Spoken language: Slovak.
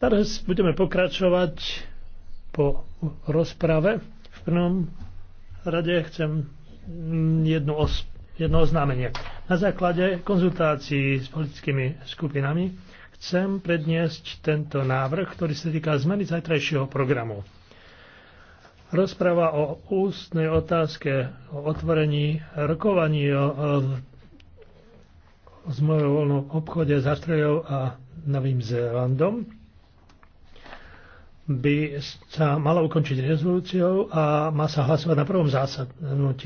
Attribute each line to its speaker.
Speaker 1: Teraz
Speaker 2: budeme pokračovať po rozprave. V prvom rade chcem jedno, os- jedno oznámenie. Na základe konzultácií s politickými skupinami chcem predniesť tento návrh, ktorý sa týka zmeny zajtrajšieho programu. Rozpráva o ústnej otázke o otvorení rokovaní o, o z zmluve voľnom obchode s Astrejou a Novým Zélandom by sa mala ukončiť rezolúciou a má sa hlasovať na prvom
Speaker 3: zásadnutí